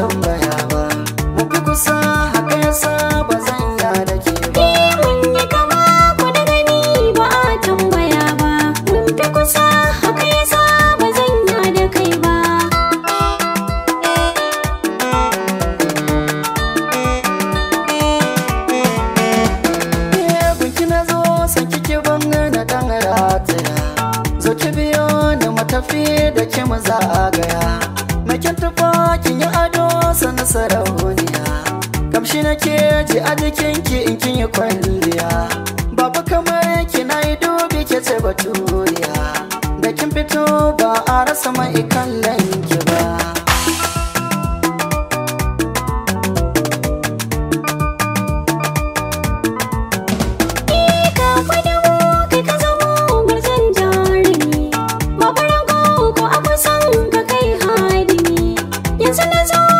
tambaya bi kusa haka ba zan da ke ba eh, mun yi da gani ba a ba mun bi kusa haka ba zan da ba Eh gunki na zo san kike ban na dan rataya zo ki biyo ni mu da ki mu za a gaya makin tufa kin yi san sarauniya kamshi ke ji a jikinki in kin yi kwalliya babu kamar ki na yi dubi ke ce baturiya da kin fito ba a rasa mai kallon ki ba Yanzu na zo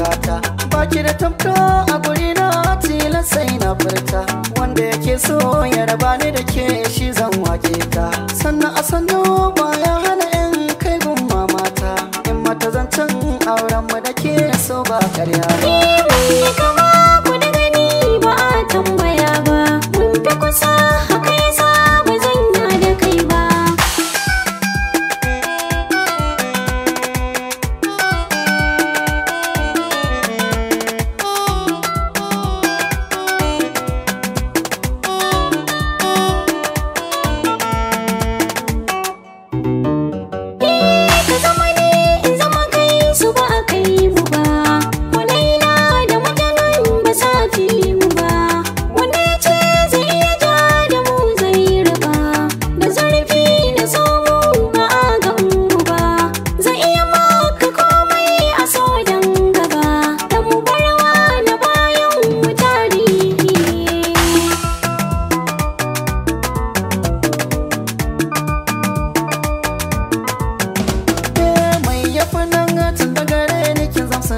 ki da tamto a guri na tila sai na furta wanda yake so ya raba ni da ke shi zan wake ta sannan a sannu baya hana in kai gun mamata in mata zan can auren mu da ke so ba karya ba. Eh, ku gani ba a tambaya ba mun kusa haka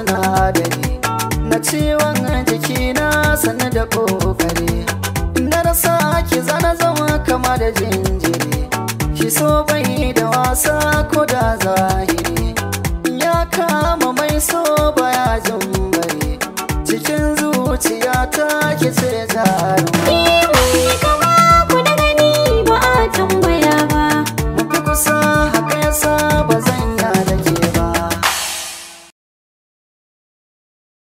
na adali na ciwon jiki na sanu da kokari na rasa ki zana zama kama da jinjiri ki so bai da wasa ko da